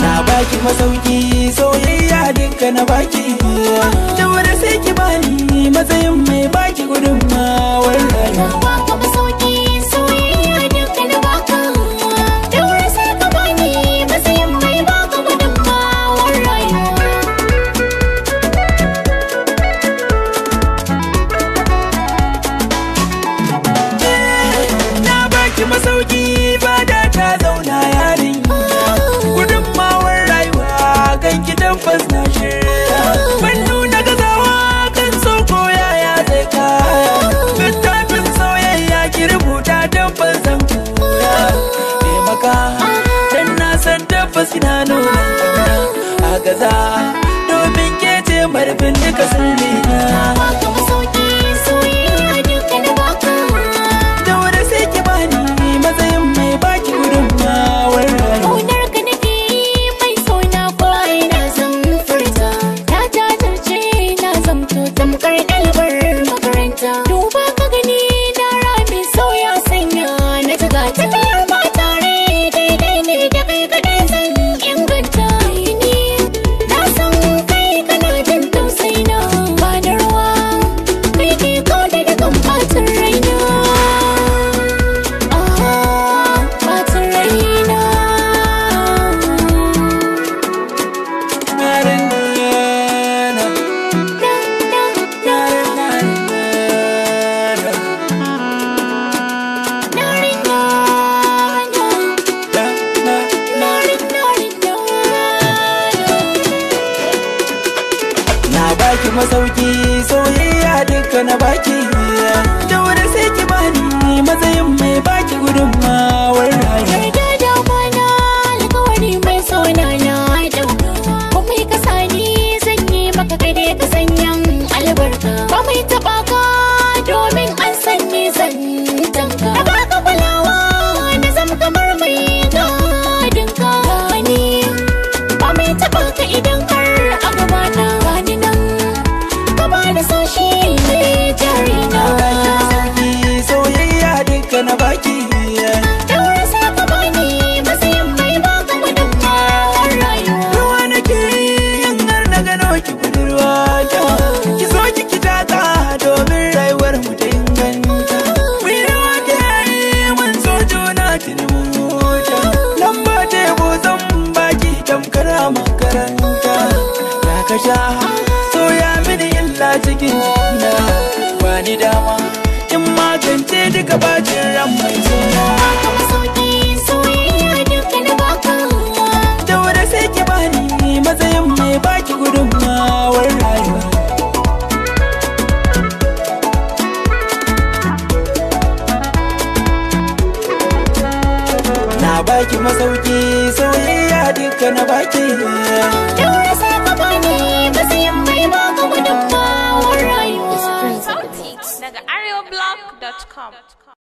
Na baki masauki soyayya duka na baki Da sai ki bani matsayin mai baki gudunmawar rayuwa fa suna nuna a gaza domin ke ce marfin duka sun na masauki soyayya duka na baki da na to ya mini illa cikin jikina ba ni dama in magance duka bacin ran mai suna matsayin mai baki gudunmawar rayuwa na baki masauki ya duka na baki com.